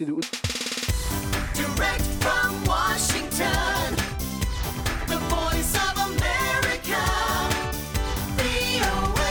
c'est de haute. Direct from Washington, the voice of America, VOA.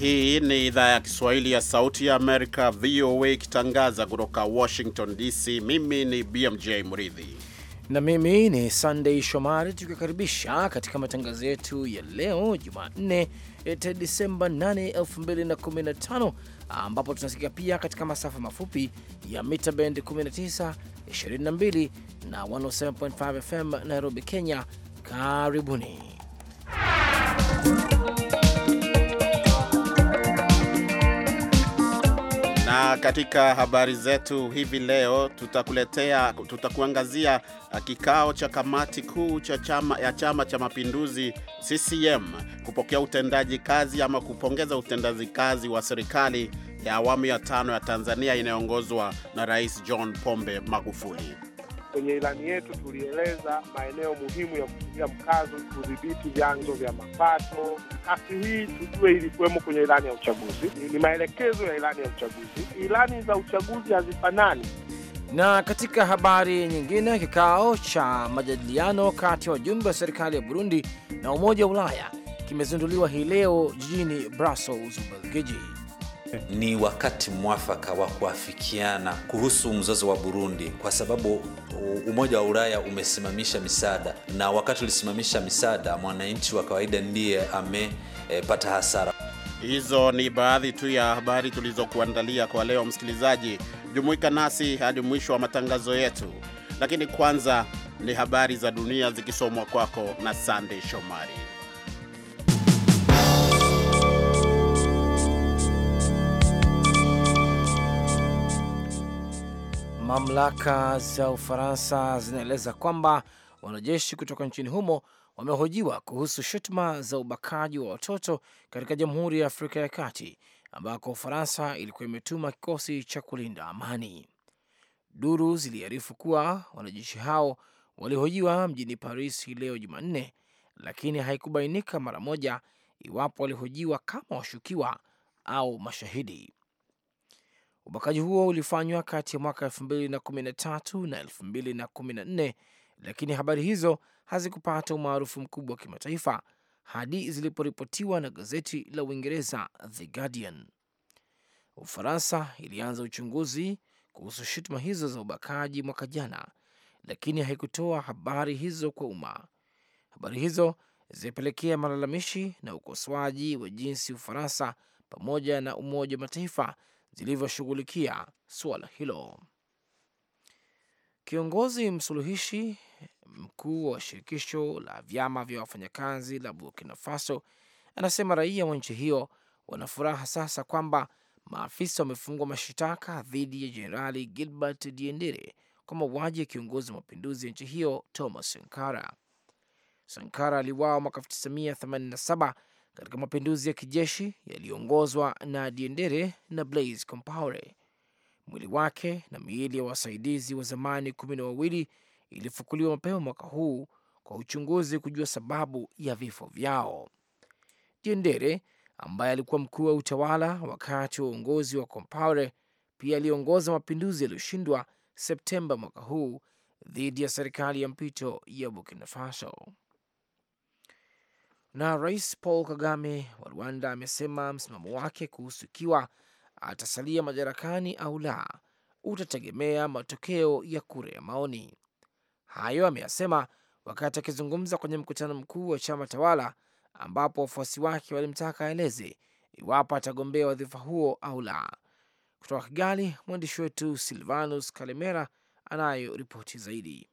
Hii ni idhaa ya Kiswahili ya Sauti ya Amerika, VOA, ikitangaza kutoka Washington DC. Mimi ni BMJ Mridhi na mimi ni Sunday Shomari, tukikaribisha katika matangazo yetu ya leo Jumanne eh, Disemba 8, 2015 ambapo tunasikia pia katika masafa mafupi ya mita band 19, 22 na 107.5 FM Nairobi, Kenya. Karibuni Na katika habari zetu hivi leo tutakuletea, tutakuangazia uh, kikao cha kamati kuu cha chama, ya chama cha mapinduzi CCM kupokea utendaji kazi ama kupongeza utendaji kazi wa serikali ya awamu ya tano ya Tanzania inayoongozwa na Rais John Pombe Magufuli. Kwenye ilani yetu tulieleza maeneo muhimu ya kutilia mkazo kudhibiti vyanzo vya mapato. Kasi hii tujue ilikuwemo kwenye ilani ya uchaguzi, ni maelekezo ya ilani ya uchaguzi. Ilani za uchaguzi hazifanani. Na katika habari nyingine, kikao cha majadiliano kati ya wajumbe wa serikali ya Burundi na Umoja wa Ulaya kimezinduliwa hii leo jijini Brussels, Ubelgiji. ni wakati mwafaka wa kuafikiana kuhusu mzozo wa Burundi kwa sababu Umoja wa Ulaya umesimamisha misaada, na wakati ulisimamisha misaada, mwananchi wa kawaida ndiye amepata eh, e, hasara. Hizo ni baadhi tu ya habari tulizokuandalia kwa leo. Msikilizaji, jumuika nasi hadi mwisho wa matangazo yetu, lakini kwanza ni habari za dunia zikisomwa kwako na Sandey Shomari. Mamlaka za Ufaransa zinaeleza kwamba wanajeshi kutoka nchini humo wamehojiwa kuhusu shutuma za ubakaji wa watoto katika Jamhuri ya Afrika ya Kati ambako Ufaransa ilikuwa imetuma kikosi cha kulinda amani. Duru ziliarifu kuwa wanajeshi hao walihojiwa mjini Paris hii leo Jumanne, lakini haikubainika mara moja iwapo walihojiwa kama washukiwa au mashahidi. Ubakaji huo ulifanywa kati ya mwaka 2013 na 2014, lakini habari hizo hazikupata umaarufu mkubwa wa kimataifa hadi ziliporipotiwa na gazeti la Uingereza The Guardian. Ufaransa ilianza uchunguzi kuhusu shutuma hizo za ubakaji mwaka jana, lakini haikutoa habari hizo kwa umma. Habari hizo zilipelekea malalamishi na ukosoaji wa jinsi Ufaransa pamoja na Umoja wa Mataifa zilivyoshughulikia suala hilo. Kiongozi msuluhishi mkuu wa shirikisho la vyama vya wafanyakazi la Burkina Faso anasema raia wa nchi hiyo wana furaha sasa kwamba maafisa wamefungwa mashitaka dhidi ya Jenerali Gilbert Diendere kwa mauaji ya kiongozi wa mapinduzi ya nchi hiyo Thomas Sankara. Sankara aliwawa mwaka 1987 katika mapinduzi ya kijeshi yaliyoongozwa na Diendere na Blaise Compaore. Mwili wake na miili ya wasaidizi wa zamani kumi na wawili ilifukuliwa mapema mwaka huu kwa uchunguzi kujua sababu ya vifo vyao. Diendere ambaye alikuwa mkuu wa utawala wakati wa uongozi wa Compaore pia aliongoza mapinduzi yaliyoshindwa Septemba mwaka huu dhidi ya serikali ya mpito ya Burkina Faso na Rais Paul Kagame wa Rwanda amesema msimamo wake kuhusu ikiwa atasalia madarakani au la utategemea matokeo ya kura ya maoni. Hayo ameyasema wakati akizungumza kwenye mkutano mkuu wa chama tawala, ambapo wafuasi wake walimtaka aeleze iwapo atagombea wadhifa huo au la. Kutoka Kigali, mwandishi wetu Silvanus Kalemera anayo ripoti zaidi.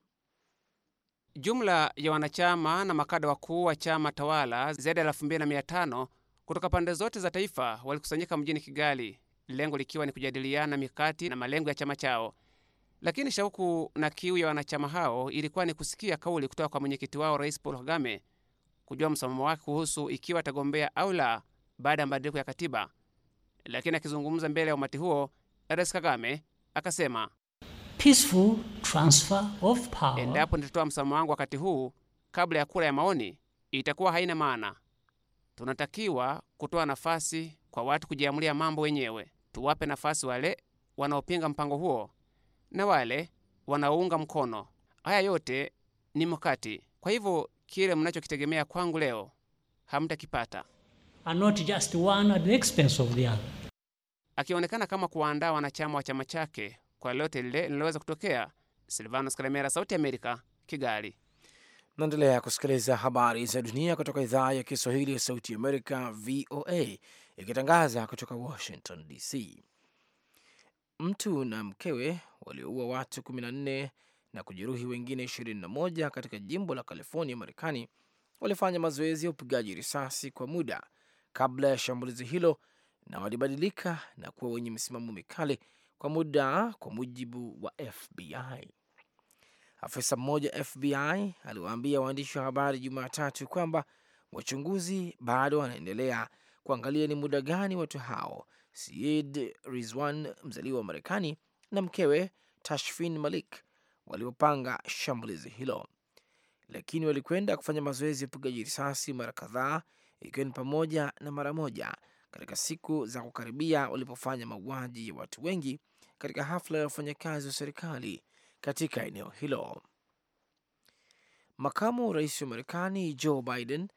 Jumla ya wanachama na makada wakuu wa chama tawala zaidi ya elfu mbili na mia tano kutoka pande zote za taifa walikusanyika mjini Kigali, lengo likiwa ni kujadiliana mikakati na malengo ya chama chao. Lakini shauku na kiu ya wanachama hao ilikuwa ni kusikia kauli kutoka kwa mwenyekiti wao Rais Paul Kagame, kujua msimamo wake kuhusu ikiwa atagombea au la baada ya mabadiliko ya katiba. Lakini akizungumza mbele ya umati huo, Rais Kagame akasema peaceful transfer of power. Endapo nitatoa msamaha wangu wakati huu kabla ya kura ya maoni, itakuwa haina maana. Tunatakiwa kutoa nafasi kwa watu kujiamulia mambo wenyewe. Tuwape nafasi wale wanaopinga mpango huo na wale wanaounga mkono. Haya yote ni mkati. Kwa hivyo kile mnachokitegemea kwangu leo hamtakipata. Akionekana kama kuwaandaa wanachama wa chama chake kwa lolote lile linaloweza kutokea. Silvanos Karemera, Sauti Amerika, Kigali. Naendelea kusikiliza habari za dunia kutoka idhaa ya Kiswahili ya Sauti Amerika, VOA, ikitangaza kutoka Washington DC. Mtu na mkewe walioua watu 14 na kujeruhi wengine 21 katika jimbo la California, Marekani, walifanya mazoezi ya upigaji risasi kwa muda kabla ya shambulizi hilo, na walibadilika na kuwa wenye msimamo mikali kwa muda, kwa mujibu wa FBI. Afisa mmoja FBI aliwaambia waandishi wa habari Jumatatu kwamba wachunguzi bado wanaendelea kuangalia ni muda gani watu hao Sid Rizwan, mzaliwa wa Marekani, na mkewe Tashfin Malik waliopanga shambulizi hilo, lakini walikwenda kufanya mazoezi ya upigaji risasi mara kadhaa, ikiwa ni pamoja na mara moja katika siku za kukaribia walipofanya mauaji ya watu wengi katika hafla ya wafanyakazi wa serikali katika eneo hilo. Makamu rais wa Marekani Joe Biden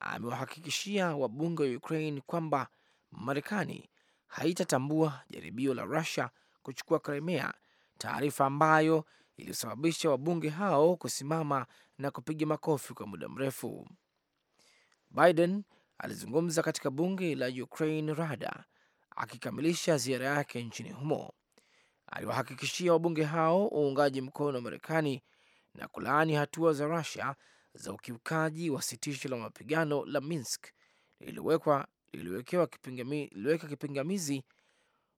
amewahakikishia wabunge wa Ukraine kwamba Marekani haitatambua jaribio la Rusia kuchukua krimea taarifa ambayo ilisababisha wabunge hao kusimama na kupiga makofi kwa muda mrefu. Biden alizungumza katika bunge la Ukraine Rada akikamilisha ziara yake nchini humo aliwahakikishia wabunge hao uungaji mkono wa Marekani na kulaani hatua za Rusia za ukiukaji wa sitisho la mapigano la Minsk liliweka kipingami, kipingamizi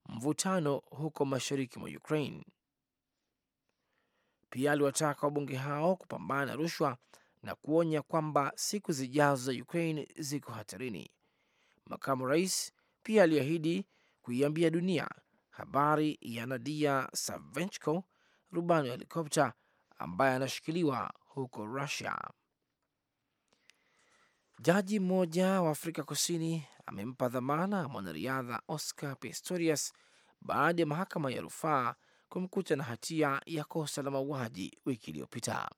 mvutano huko mashariki mwa Ukraine. Pia aliwataka wabunge hao kupambana na rushwa na kuonya kwamba siku zijazo za Ukraine ziko hatarini. Makamu rais pia aliahidi kuiambia dunia Habari ya Nadia Savenchko, rubani wa helikopta ambaye anashikiliwa huko Russia. Jaji mmoja wa Afrika Kusini amempa dhamana mwanariadha Oscar Pistorius baada ya mahakama ya rufaa kumkuta na hatia ya kosa la mauaji wiki iliyopita.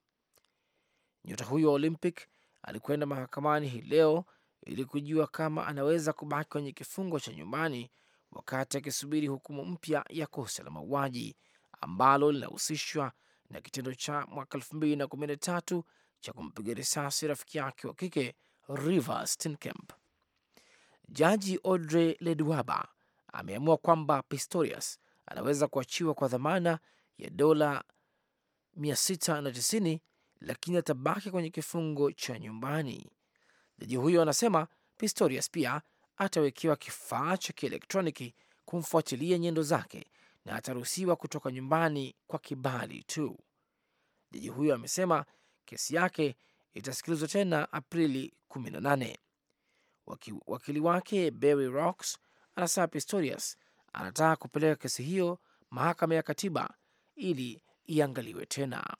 Nyota huyo wa Olympic alikwenda mahakamani hii leo ili kujua kama anaweza kubaki kwenye kifungo cha nyumbani wakati akisubiri hukumu mpya ya kosa la mauaji ambalo linahusishwa na kitendo cha mwaka 2013 cha kumpiga risasi rafiki yake wa kike River Steenkamp. Jaji Audrey Ledwaba ameamua kwamba Pistorius anaweza kuachiwa kwa dhamana ya dola 690 lakini atabaki kwenye kifungo cha nyumbani. Jaji huyo anasema Pistorius pia atawekewa kifaa cha kielektroniki kumfuatilia nyendo zake na ataruhusiwa kutoka nyumbani kwa kibali tu. Jaji huyo amesema kesi yake itasikilizwa tena Aprili 18. wakili wake Barry Rocks anasema Pistorius anataka kupeleka kesi hiyo mahakama ya katiba ili iangaliwe tena.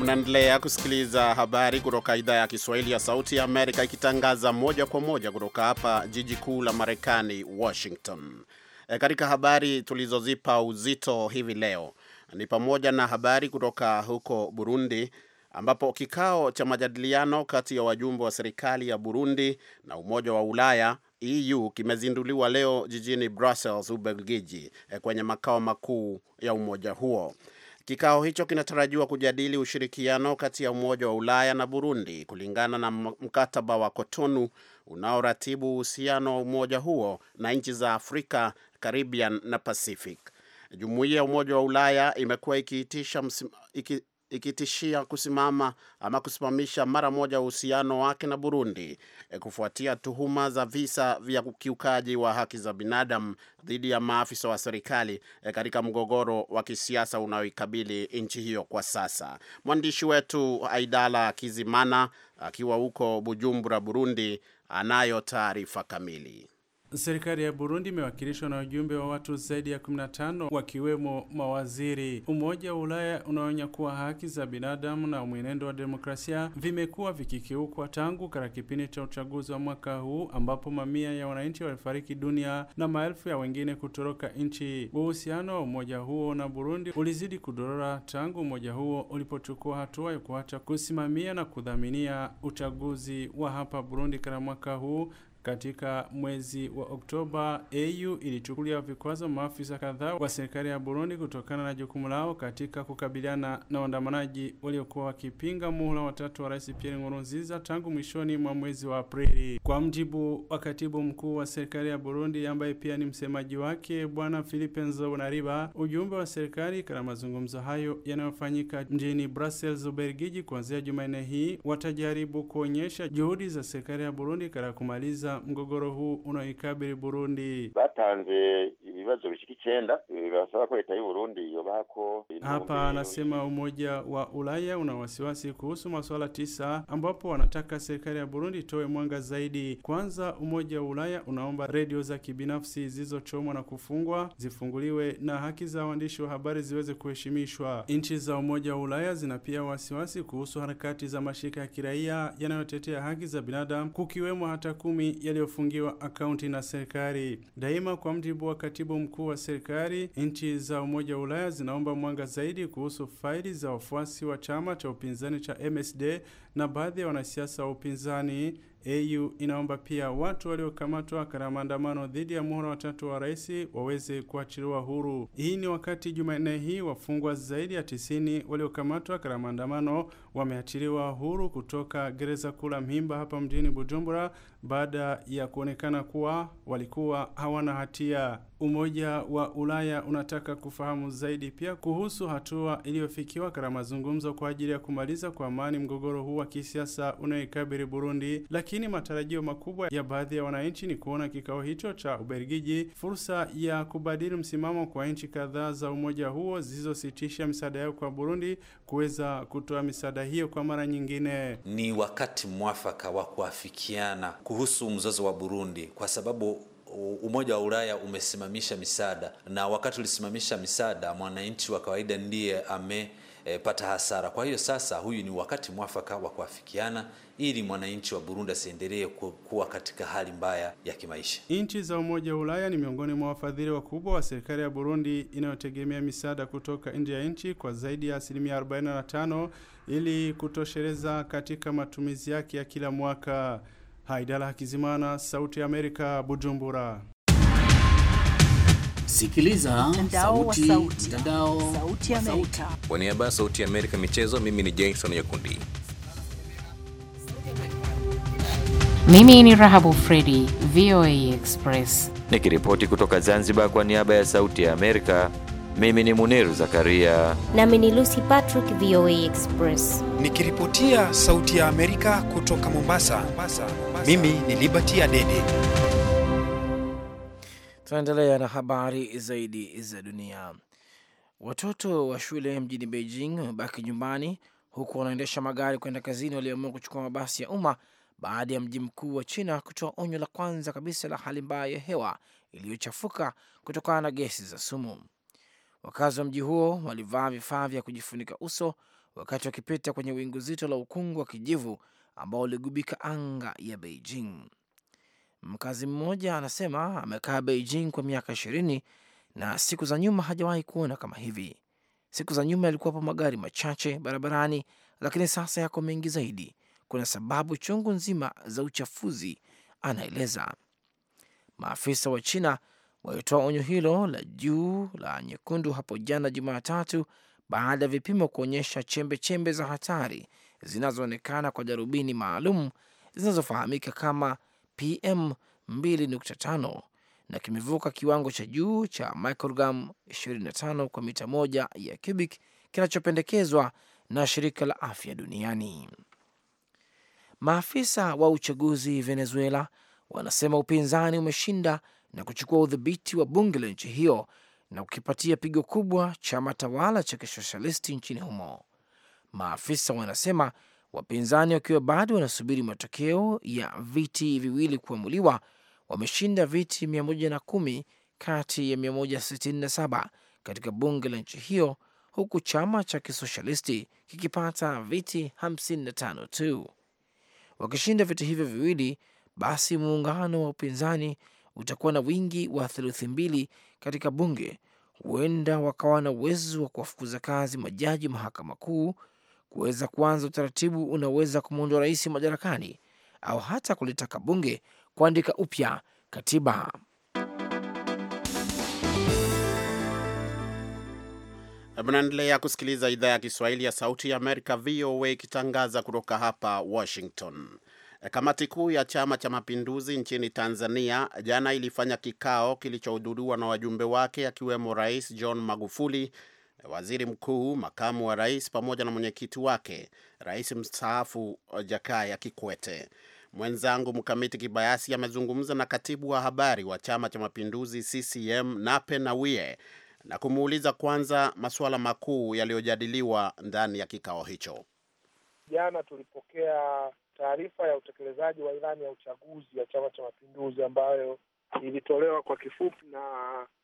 Mnaendelea kusikiliza habari kutoka idhaa ya Kiswahili ya Sauti ya Amerika ikitangaza moja kwa moja kutoka hapa jiji kuu la Marekani, Washington. E, katika habari tulizozipa uzito hivi leo ni pamoja na habari kutoka huko Burundi ambapo kikao cha majadiliano kati ya wajumbe wa serikali ya Burundi na Umoja wa Ulaya EU kimezinduliwa leo jijini Brussels, Ubelgiji, e, kwenye makao makuu ya umoja huo. Kikao hicho kinatarajiwa kujadili ushirikiano kati ya Umoja wa Ulaya na Burundi kulingana na mkataba wa Kotonu unaoratibu uhusiano wa umoja huo na nchi za Afrika, Caribbean na Pacific. Jumuiya ya Umoja wa Ulaya imekuwa ikiitisha iki, ikitishia kusimama ama kusimamisha mara moja uhusiano wake na Burundi eh, kufuatia tuhuma za visa vya ukiukaji wa haki za binadamu dhidi ya maafisa wa serikali eh, katika mgogoro wa kisiasa unaoikabili nchi hiyo kwa sasa. Mwandishi wetu Aidala Kizimana akiwa huko Bujumbura, Burundi, anayo taarifa kamili. Serikali ya Burundi imewakilishwa na wajumbe wa watu zaidi ya 15 wakiwemo mawaziri. Umoja wa Ulaya unaonya kuwa haki za binadamu na mwenendo wa demokrasia vimekuwa vikikiukwa tangu katika kipindi cha uchaguzi wa mwaka huu ambapo mamia ya wananchi walifariki dunia na maelfu ya wengine kutoroka nchi. Uhusiano wa umoja huo na Burundi ulizidi kudorora tangu umoja huo ulipochukua hatua ya kuacha kusimamia na kudhaminia uchaguzi wa hapa Burundi katika mwaka huu katika mwezi wa Oktoba, AU ilichukulia vikwazo maafisa kadhaa wa serikali ya Burundi kutokana na jukumu lao katika kukabiliana na waandamanaji waliokuwa wakipinga muhula watatu wa Rais Pierre Nkurunziza tangu mwishoni mwa mwezi wa Aprili. Kwa mjibu wa katibu mkuu wa serikali ya Burundi ambaye pia ni msemaji wake Bwana Philippe Nzobonariba, ujumbe wa serikali katika mazungumzo hayo yanayofanyika mjini Brussels, Ubelgiji, kuanzia Jumanne hii watajaribu kuonyesha juhudi za serikali ya Burundi katika kumaliza mgogoro huu unaoikabili Burundi. Batanze ibibazo bishika icyenda basaba ko leta y'Uburundi yobaha hapa anasema umoja wa Ulaya una wasiwasi kuhusu masuala tisa ambapo wanataka serikali ya Burundi itoe mwanga zaidi. Kwanza, umoja wa Ulaya unaomba redio za kibinafsi zilizochomwa na kufungwa zifunguliwe na haki za waandishi wa habari ziweze kuheshimishwa. Nchi za umoja wa Ulaya zina pia wasiwasi kuhusu harakati za mashirika ya kiraia yanayotetea haki za binadamu kukiwemo hata kumi yaliyofungiwa akaunti na serikali. Daima kwa mjibu wa katibu Katibu Mkuu wa serikali nchi za Umoja wa Ulaya zinaomba mwanga zaidi kuhusu faili za wafuasi wa chama cha upinzani cha MSD na baadhi ya wanasiasa wa upinzani. AU inaomba pia watu waliokamatwa katika maandamano dhidi ya muhula watatu wa rais waweze kuachiliwa huru. Hii ni wakati Jumanne hii wafungwa zaidi ya tisini waliokamatwa katika maandamano wameachiliwa huru kutoka gereza kuu la Mhimba hapa mjini Bujumbura baada ya kuonekana kuwa walikuwa hawana hatia. Umoja wa Ulaya unataka kufahamu zaidi pia kuhusu hatua iliyofikiwa katika mazungumzo kwa ajili ya kumaliza kwa amani mgogoro huu wa kisiasa unayoikabiri Burundi, lakini matarajio makubwa ya baadhi ya wananchi ni kuona kikao hicho cha Ubelgiji fursa ya kubadili msimamo kwa nchi kadhaa za umoja huo zilizositisha misaada yao kwa Burundi kuweza kutoa misaada hiyo kwa mara nyingine. Ni wakati mwafaka wa kuafikiana kuhusu mzozo wa Burundi kwa sababu Umoja wa Ulaya umesimamisha misaada, na wakati ulisimamisha misaada, mwananchi wa kawaida ndiye ame e, pata hasara. Kwa hiyo sasa huyu ni wakati mwafaka wa kuafikiana ili mwananchi wa Burundi asiendelee kuwa katika hali mbaya ya kimaisha. Nchi za Umoja wa Ulaya ni miongoni mwa wafadhili wakubwa wa serikali ya Burundi inayotegemea misaada kutoka nje ya nchi kwa zaidi ya asilimia 45 ili kutosheleza katika matumizi yake ya kila mwaka. Haidala Hakizimana, Sauti ya Amerika, Bujumbura. Sikiliza sauti, mtandao sauti ya Amerika. Kwa niaba ya sauti ya Amerika michezo, mimi ni Jason Nyakundi. Mimi ni Rahabu Fredi, VOA Express. Nikiripoti kutoka Zanzibar kwa niaba ya sauti ya Amerika. Mimi ni Muniru Zakaria. Nami ni Lucy Patrick, VOA Express. Nikiripotia sauti ya Amerika kutoka Mombasa, Mombasa, Mombasa. Mimi ni Liberty Adede. Tunaendelea na habari zaidi za dunia. Watoto wa shule mjini Beijing wamebaki nyumbani huku wanaendesha magari kwenda kazini waliamua kuchukua mabasi ya umma baada ya mji mkuu wa China kutoa onyo la kwanza kabisa la hali mbaya ya hewa iliyochafuka kutokana na gesi za sumu. Wakazi wa mji huo walivaa vifaa vya kujifunika uso wakati wakipita kwenye wingu zito la ukungu wa kijivu ambao uligubika anga ya Beijing. Mkazi mmoja anasema amekaa Beijing kwa miaka ishirini na siku za nyuma hajawahi kuona kama hivi. Siku za nyuma yalikuwapo magari machache barabarani, lakini sasa yako mengi zaidi. Kuna sababu chungu nzima za uchafuzi, anaeleza. Maafisa wa China walitoa onyo hilo la juu la nyekundu hapo jana Jumatatu baada ya vipimo kuonyesha chembe chembe za hatari zinazoonekana kwa darubini maalum zinazofahamika kama PM 2.5 na kimevuka kiwango cha juu cha microgram 25 kwa mita moja ya cubic kinachopendekezwa na shirika la afya duniani. Maafisa wa uchaguzi Venezuela wanasema upinzani umeshinda na kuchukua udhibiti wa bunge la nchi hiyo na kukipatia pigo kubwa chama tawala cha kisosialisti nchini humo. Maafisa wanasema wapinzani wakiwa bado wanasubiri matokeo ya viti viwili kuamuliwa, wameshinda viti 110 kati ya 167 katika bunge la nchi hiyo, huku chama cha kisoshalisti kikipata viti 55 tu. Wakishinda viti hivyo viwili, basi muungano wa upinzani utakuwa na wingi wa theluthi mbili katika bunge. Huenda wakawa na uwezo wa kuwafukuza kazi majaji mahakama kuu kuweza kuanza utaratibu unaoweza kumwondoa rais madarakani au hata kulitaka bunge kuandika upya katiba. Mnaendelea kusikiliza idhaa ya Kiswahili ya Sauti ya Amerika, VOA, ikitangaza kutoka hapa Washington. Kamati kuu ya Chama cha Mapinduzi nchini Tanzania jana ilifanya kikao kilichohudhuriwa na wajumbe wake akiwemo Rais John Magufuli, waziri mkuu, makamu wa rais pamoja na mwenyekiti wake, rais mstaafu uh, Jakaya Kikwete. Mwenzangu Mkamiti Kibayasi amezungumza na katibu wa habari wa Chama cha Mapinduzi CCM Nape Nnauye na kumuuliza kwanza masuala makuu yaliyojadiliwa ndani ya kikao hicho. Jana tulipokea taarifa ya utekelezaji wa ilani ya uchaguzi ya Chama cha Mapinduzi ambayo ilitolewa kwa kifupi na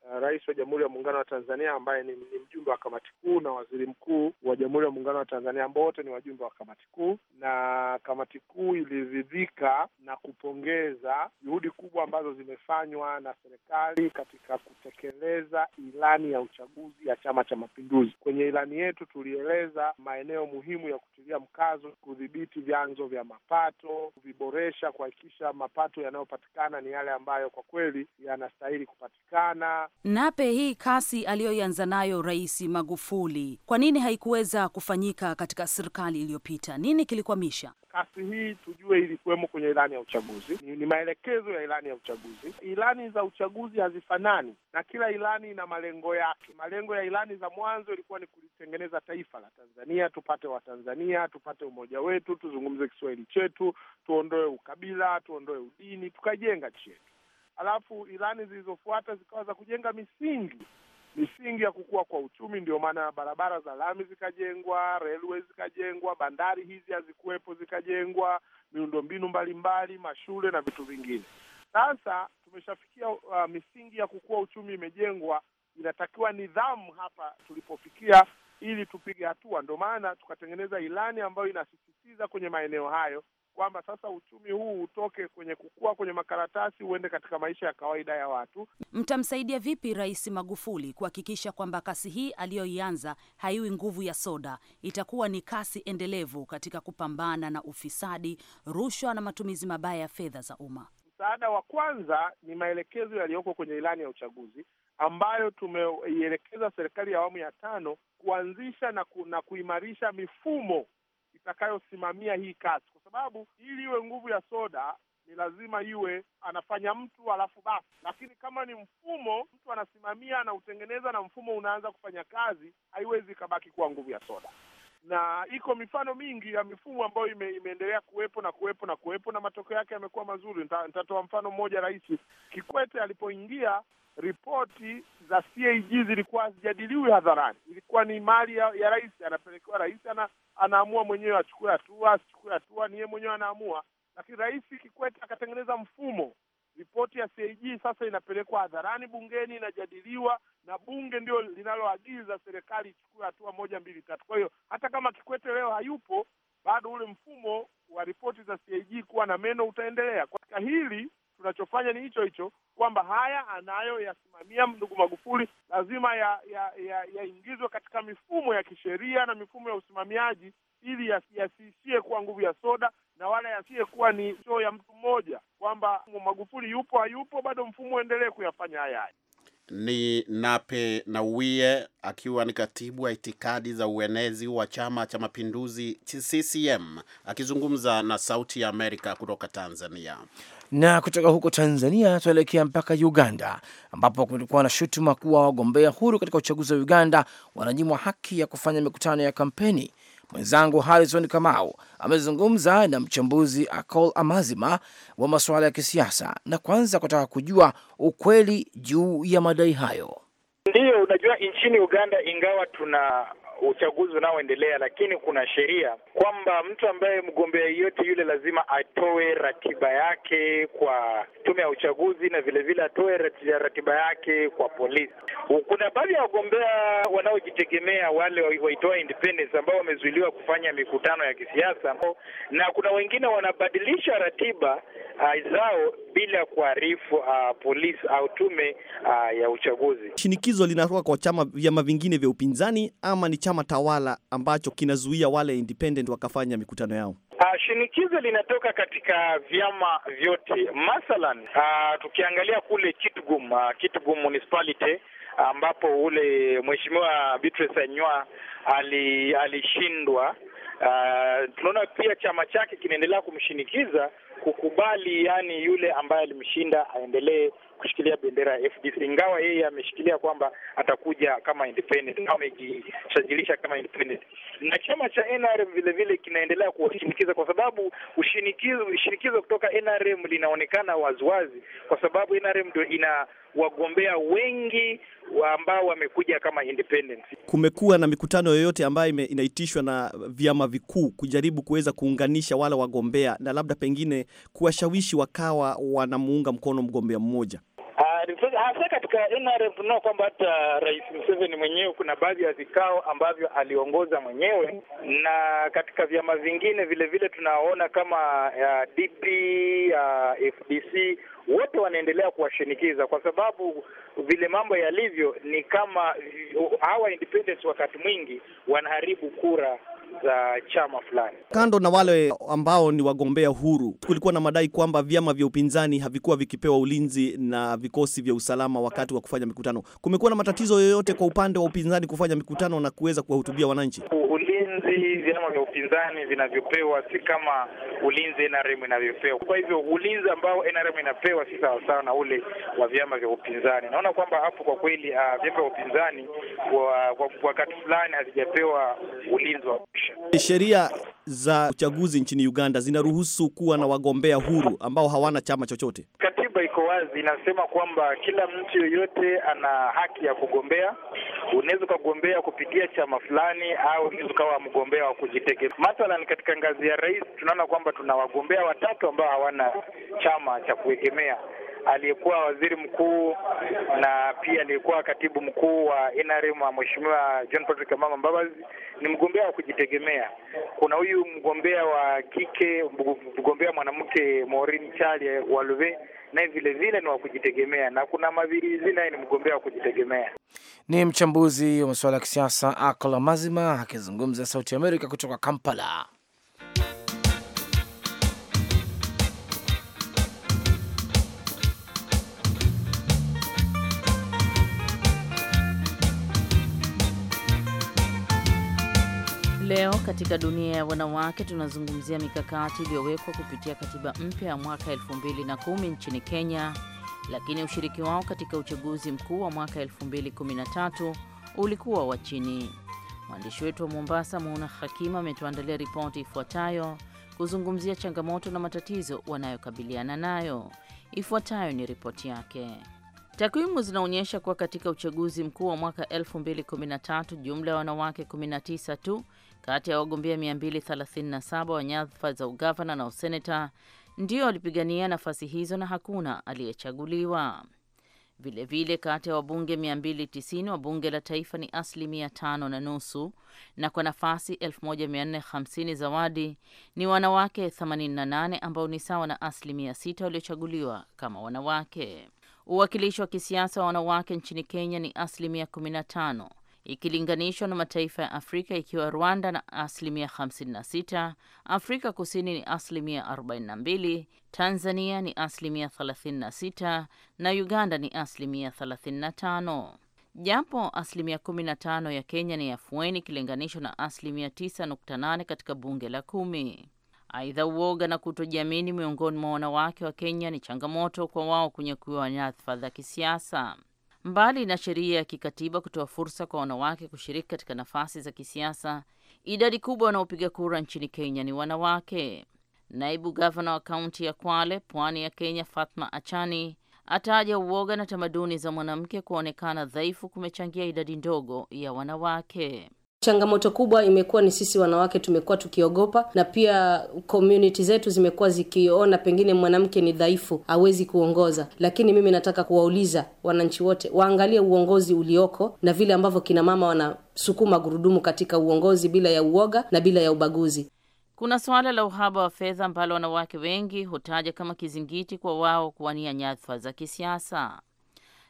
uh, Rais wa Jamhuri ya Muungano wa Tanzania ambaye ni, ni mjumbe wa kamati kuu na waziri mkuu wa Jamhuri ya Muungano wa Tanzania ambao wote ni wajumbe wa kamati kuu, na kamati kuu iliridhika na kupongeza juhudi kubwa ambazo zimefanywa na serikali katika kutekeleza ilani ya uchaguzi ya Chama cha Mapinduzi. Kwenye ilani yetu tulieleza maeneo muhimu ya kutilia mkazo: kudhibiti vyanzo vya mapato, kuviboresha, kuhakikisha mapato yanayopatikana ni yale ambayo kwa kweli yanastahili kupatikana. Nape, hii kasi aliyoianza nayo Rais Magufuli, kwa nini haikuweza kufanyika katika serikali iliyopita? Nini kilikwamisha kasi hii? Tujue ilikuwemo kwenye ilani ya uchaguzi, ni, ni maelekezo ya ilani ya uchaguzi. Ilani za uchaguzi hazifanani na kila ilani ina malengo yake. Malengo ya ilani za mwanzo ilikuwa ni kulitengeneza taifa la Tanzania, tupate Watanzania, tupate umoja wetu, tuzungumze Kiswahili chetu, tuondoe ukabila, tuondoe udini, tukajenga nchi yetu alafu ilani zilizofuata zikawa za kujenga misingi misingi ya kukua kwa uchumi. Ndio maana barabara za lami zikajengwa, railway zikajengwa, bandari hizi hazikuwepo zikajengwa, miundombinu mbalimbali, mashule na vitu vingine. Sasa tumeshafikia uh, misingi ya kukua uchumi imejengwa, inatakiwa nidhamu hapa tulipofikia, ili tupige hatua. Ndio maana tukatengeneza ilani ambayo inasisitiza kwenye maeneo hayo kwamba sasa uchumi huu utoke kwenye kukua kwenye makaratasi uende katika maisha ya kawaida ya watu. Mtamsaidia vipi Rais Magufuli kuhakikisha kwamba kasi hii aliyoianza haiwi nguvu ya soda, itakuwa ni kasi endelevu katika kupambana na ufisadi, rushwa na matumizi mabaya ya fedha za umma? Msaada wa kwanza ni maelekezo yaliyoko kwenye ilani ya uchaguzi ambayo tumeielekeza serikali ya awamu ya tano kuanzisha na, ku, na kuimarisha mifumo itakayosimamia hii kasi sababu ili iwe nguvu ya soda ni lazima iwe anafanya mtu alafu basi. Lakini kama ni mfumo, mtu anasimamia, anautengeneza na mfumo unaanza kufanya kazi, haiwezi ikabaki kuwa nguvu ya soda na iko mifano mingi ya mifumo ambayo ime, imeendelea kuwepo na kuwepo na kuwepo na matokeo yake yamekuwa mazuri. Nitatoa mfano mmoja rahisi. Kikwete alipoingia, ripoti za CAG zilikuwa hazijadiliwi hadharani, ilikuwa ni mali ya, ya rais, anapelekewa rais, ana, anaamua mwenyewe achukue hatua asichukue hatua, ni yeye mwenyewe anaamua. Lakini rais Kikwete akatengeneza mfumo, ripoti ya CAG sasa inapelekwa hadharani bungeni, inajadiliwa na bunge ndio linaloagiza serikali ichukue hatua moja mbili tatu. Kwa hiyo hata kama Kikwete leo hayupo, bado ule mfumo wa ripoti za CAG kuwa na meno utaendelea. Katika hili tunachofanya ni hicho hicho kwamba haya anayoyasimamia ndugu Magufuli lazima yaingizwe ya, ya, ya katika mifumo ya kisheria na mifumo ya usimamiaji ili yasiishie ya kuwa nguvu ya soda na wala yasiye kuwa ni choo ya mtu mmoja, kwamba Magufuli yupo hayupo, bado mfumo uendelee kuyafanya haya haya ni Nape Nnauye akiwa ni katibu wa itikadi za uenezi wa Chama cha Mapinduzi CCM akizungumza na Sauti ya Amerika kutoka Tanzania. Na kutoka huko Tanzania tuelekea mpaka Uganda ambapo kulikuwa na shutuma kuwa wagombea huru katika uchaguzi wa Uganda wananyimwa haki ya kufanya mikutano ya kampeni Mwenzangu Harrison Kamau amezungumza na mchambuzi Acol Amazima wa masuala ya kisiasa, na kwanza kutaka kujua ukweli juu ya madai hayo. Ndiyo, unajua nchini Uganda, ingawa tuna uchaguzi unaoendelea, lakini kuna sheria kwamba mtu ambaye mgombea yeyote yule lazima atoe ratiba yake kwa tume ya uchaguzi na vilevile vile atoe ratiba yake kwa polisi. Kuna baadhi ya wagombea wanaojitegemea wale waitoa independence ambao wamezuiliwa kufanya mikutano ya kisiasa, na kuna wengine wanabadilisha ratiba uh, zao bila kuarifu uh, polisi au tume uh, ya uchaguzi. Shinikizo linatoka kwa chama vyama vingine vya upinzani ama ni chama tawala ambacho kinazuia wale independent wakafanya mikutano yao? Uh, shinikizo linatoka katika vyama vyote mathalan, uh, ah, tukiangalia kule Kitgum, uh, Kitgum municipality ambapo ule mheshimiwa Beatrice Anywa alishindwa ali Ah, tunaona pia chama chake kinaendelea kumshinikiza kukubali, yani yule ambaye alimshinda aendelee kushikilia bendera ya FDC, ingawa yeye ameshikilia kwamba atakuja kama independent au amejisajilisha kama independent. Na chama cha NRM vile vile kinaendelea kuwashinikiza kwa sababu ushinikizo, ushinikizo kutoka NRM linaonekana waziwazi, kwa sababu NRM ndio ina wagombea wengi ambao wamekuja kama independence. Kumekuwa na mikutano yoyote ambayo inaitishwa na vyama vikuu kujaribu kuweza kuunganisha wale wagombea na labda pengine kuwashawishi wakawa wanamuunga mkono mgombea mmoja? Ah, hasa katika NRM tunao kwamba hata Rais Museveni mwenyewe kuna baadhi ya vikao ambavyo aliongoza mwenyewe, na katika vyama vingine vile vile tunaona kama uh, ah, DP uh, ah, FDC wote wanaendelea kuwashinikiza, kwa sababu vile mambo yalivyo ni kama hawa independence wakati mwingi wanaharibu kura za chama fulani. Kando na wale ambao ni wagombea huru, kulikuwa na madai kwamba vyama vya upinzani havikuwa vikipewa ulinzi na vikosi vya usalama wakati wa kufanya mikutano. Kumekuwa na matatizo yoyote kwa upande wa upinzani kufanya mikutano na kuweza kuwahutubia wananchi? vyama vya upinzani vinavyopewa si kama ulinzi NRM inavyopewa. Kwa hivyo ulinzi ambao NRM inapewa si sawasawa na ule wa vyama vya upinzani. Naona kwamba hapo kwa kweli uh, vyama vya upinzani kwa wakati fulani havijapewa ulinzi wa kutosha. Sheria za uchaguzi nchini Uganda zinaruhusu kuwa na wagombea huru ambao hawana chama chochote Kati iko wazi, inasema kwamba kila mtu yoyote ana haki ya kugombea. Unaweza ukagombea kupitia chama fulani, au unaweza ukawa mgombea wa kujitegemea. Mathalan, katika ngazi ya rais tunaona kwamba tuna wagombea watatu ambao hawana chama cha kuegemea aliyekuwa waziri mkuu na pia aliyekuwa katibu mkuu wa NRM wa mheshimiwa John Patrick Amama Mbabazi ni mgombea wa kujitegemea. Kuna huyu mgombea wa kike, mgombea mwanamke Maureen Chali wa Luve naye vile vile ni wa kujitegemea, na kuna Mavirizi naye ni mgombea wa kujitegemea. Ni mchambuzi wa masuala ya kisiasa Akola Mazima akizungumza Sauti Amerika kutoka Kampala. Leo katika dunia ya wanawake tunazungumzia mikakati iliyowekwa kupitia katiba mpya ya mwaka 2010 nchini Kenya, lakini ushiriki wao katika uchaguzi mkuu wa mwaka 2013 ulikuwa wa chini. Mwandishi wetu wa Mombasa, Muna Hakima, ametuandalia ripoti ifuatayo kuzungumzia changamoto na matatizo wanayokabiliana nayo. Ifuatayo ni ripoti yake. Takwimu zinaonyesha kuwa katika uchaguzi mkuu wa mwaka 2013 jumla ya wanawake 19 tu kati ya wagombea 237 wa nyadhifa za ugavana na useneta ndio walipigania nafasi hizo na hakuna aliyechaguliwa. Vilevile, kati ya wabunge 290 wa bunge la taifa ni asilimia tano na nusu, na kwa nafasi 1450 za wadi ni wanawake 88 ambao ni sawa na asilimia 6 waliochaguliwa kama wanawake. Uwakilishi wa kisiasa wa wanawake nchini Kenya ni asilimia 15 ikilinganishwa na mataifa ya Afrika ikiwa Rwanda na asilimia 56, Afrika Kusini ni asilimia 42, Tanzania ni asilimia 36 na Uganda ni asilimia 35. Japo asilimia 15 ya Kenya ni afueni ikilinganishwa na asilimia 9.8 katika bunge la kumi. Aidha, uoga na kutojiamini miongoni mwa wanawake wa Kenya ni changamoto kwa wao kunyakua nyadhifa za kisiasa. Mbali na sheria ya kikatiba kutoa fursa kwa wanawake kushiriki katika nafasi za kisiasa, idadi kubwa wanaopiga kura nchini Kenya ni wanawake. Naibu gavana wa kaunti ya Kwale, pwani ya Kenya, Fatma Achani ataja uoga na tamaduni za mwanamke kuonekana dhaifu kumechangia idadi ndogo ya wanawake changamoto kubwa imekuwa ni sisi wanawake tumekuwa tukiogopa, na pia community zetu zimekuwa zikiona pengine mwanamke ni dhaifu, awezi kuongoza. Lakini mimi nataka kuwauliza wananchi wote waangalie uongozi ulioko na vile ambavyo kina mama wanasukuma gurudumu katika uongozi bila ya uoga na bila ya ubaguzi. Kuna suala la uhaba wa fedha ambalo wanawake wengi hutaja kama kizingiti kwa wao kuwania nyadhfa za kisiasa.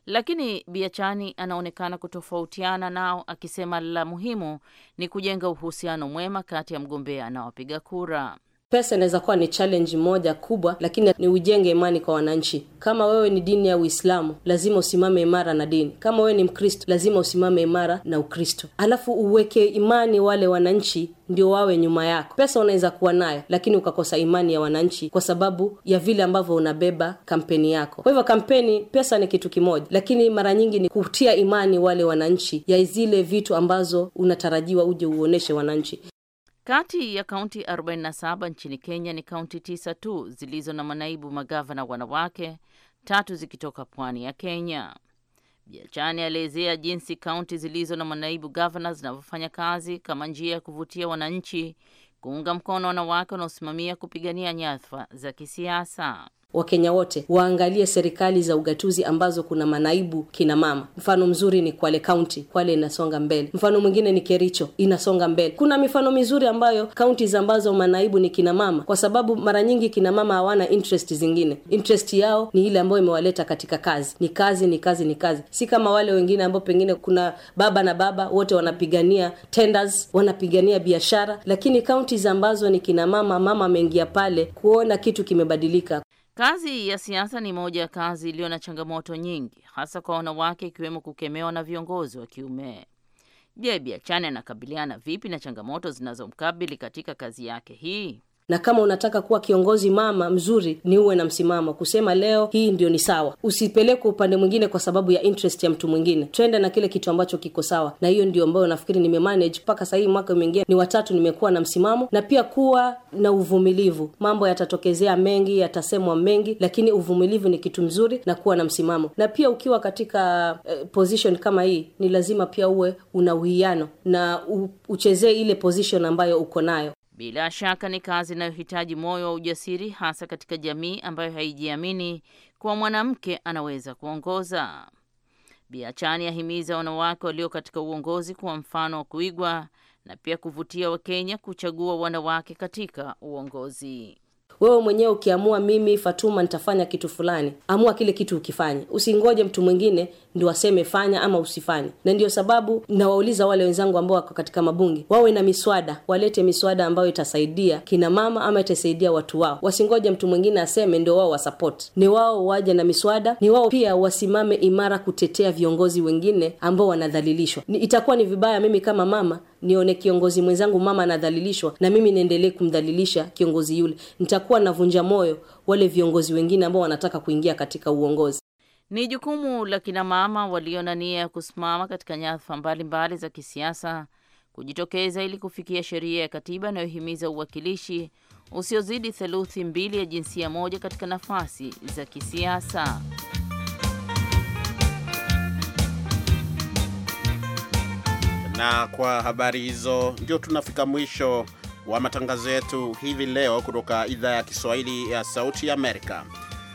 Lakini Biachani anaonekana kutofautiana nao, akisema la muhimu ni kujenga uhusiano mwema kati ya mgombea na wapiga kura. Pesa inaweza kuwa ni challenge moja kubwa, lakini ni ujenge imani kwa wananchi. Kama wewe ni dini ya Uislamu, lazima usimame imara na dini. Kama wewe ni Mkristo, lazima usimame imara na Ukristo, alafu uweke imani wale wananchi ndio wawe nyuma yako. Pesa unaweza kuwa nayo, lakini ukakosa imani ya wananchi kwa sababu ya vile ambavyo unabeba kampeni yako. Kwa hivyo kampeni, pesa ni kitu kimoja, lakini mara nyingi ni kutia imani wale wananchi ya zile vitu ambazo unatarajiwa uje uoneshe wananchi. Kati ya kaunti 47 nchini Kenya ni kaunti tisa tu zilizo na manaibu magavana wanawake, tatu zikitoka pwani ya Kenya. Biachani alielezea jinsi kaunti zilizo na manaibu gavana zinavyofanya kazi kama njia ya kuvutia wananchi kuunga mkono wanawake wanaosimamia kupigania nyadhifa za kisiasa. Wakenya wote waangalie serikali za ugatuzi ambazo kuna manaibu kina mama. Mfano mzuri ni Kwale kaunti Kwale inasonga mbele. Mfano mwingine ni Kericho inasonga mbele. Kuna mifano mizuri ambayo counties ambazo manaibu ni kina mama, kwa sababu mara nyingi kina mama hawana interest zingine. Interest yao ni ile ambayo imewaleta katika kazi, ni kazi, ni kazi, ni kazi, si kama wale wengine ambao pengine kuna baba na baba wote wanapigania tenders, wanapigania biashara, lakini counties ambazo ni kina mama, mama ameingia pale kuona kitu kimebadilika. Kazi ya siasa ni moja ya kazi iliyo na changamoto nyingi, hasa kwa wanawake, ikiwemo kukemewa na viongozi wa kiume. Je, Biachane anakabiliana vipi na changamoto zinazomkabili katika kazi yake hii? na kama unataka kuwa kiongozi mama mzuri, ni uwe na msimamo kusema leo hii ndio ni sawa, usipelekwe upande mwingine kwa sababu ya interest ya mtu mwingine. Twende na kile kitu ambacho kiko sawa, na hiyo ndio ambayo nafikiri nimemanage mpaka sahii mwaka umeingia ni watatu, nimekuwa na msimamo na pia kuwa na uvumilivu. Mambo yatatokezea mengi, yatasemwa mengi, lakini uvumilivu ni kitu mzuri na kuwa na msimamo. Na pia ukiwa katika eh, position kama hii, ni lazima pia uwe una uhiano na uchezee ile position ambayo uko nayo. Bila shaka ni kazi inayohitaji moyo wa ujasiri, hasa katika jamii ambayo haijiamini kuwa mwanamke anaweza kuongoza. Biachani ahimiza wanawake walio katika uongozi kuwa mfano wa kuigwa na pia kuvutia Wakenya kuchagua wanawake katika uongozi. Wewe mwenyewe ukiamua, mimi Fatuma nitafanya kitu fulani, amua kile kitu ukifanye, usingoje mtu mwingine ndio waseme fanya ama usifanye. Na ndio sababu nawauliza wale wenzangu ambao wako katika mabunge wawe na miswada, walete miswada ambayo itasaidia kina mama ama itasaidia watu wao, wasingoja mtu mwingine aseme ndio wao wasapoti Ni wao waje na miswada, ni wao pia wasimame imara kutetea viongozi wengine ambao wanadhalilishwa. itakuwa ni vibaya mimi kama mama nione kiongozi mwenzangu mama anadhalilishwa na mimi niendelee kumdhalilisha kiongozi yule, nitakuwa navunja moyo wale viongozi wengine ambao wanataka kuingia katika uongozi. Ni jukumu la kina mama walio na nia ya kusimama katika nyadhifa mbalimbali za kisiasa kujitokeza ili kufikia sheria ya katiba inayohimiza uwakilishi usiozidi theluthi mbili ya jinsia moja katika nafasi za kisiasa. Na kwa habari hizo ndio tunafika mwisho wa matangazo yetu hivi leo kutoka idhaa ya Kiswahili ya Sauti ya Amerika.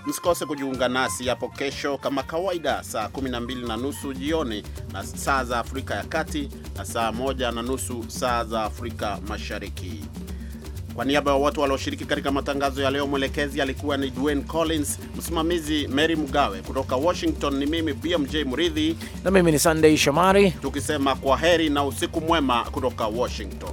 Msikose kujiunga nasi hapo kesho kama kawaida, saa 12 na nusu jioni na saa za Afrika ya Kati na saa moja na nusu saa za Afrika Mashariki. Kwa niaba ya watu walioshiriki katika matangazo ya leo, mwelekezi alikuwa ni Dwayne Collins, msimamizi Mary Mgawe. Kutoka Washington ni mimi BMJ Muridhi na mimi ni Sunday Shomari, tukisema kwa heri na usiku mwema kutoka Washington.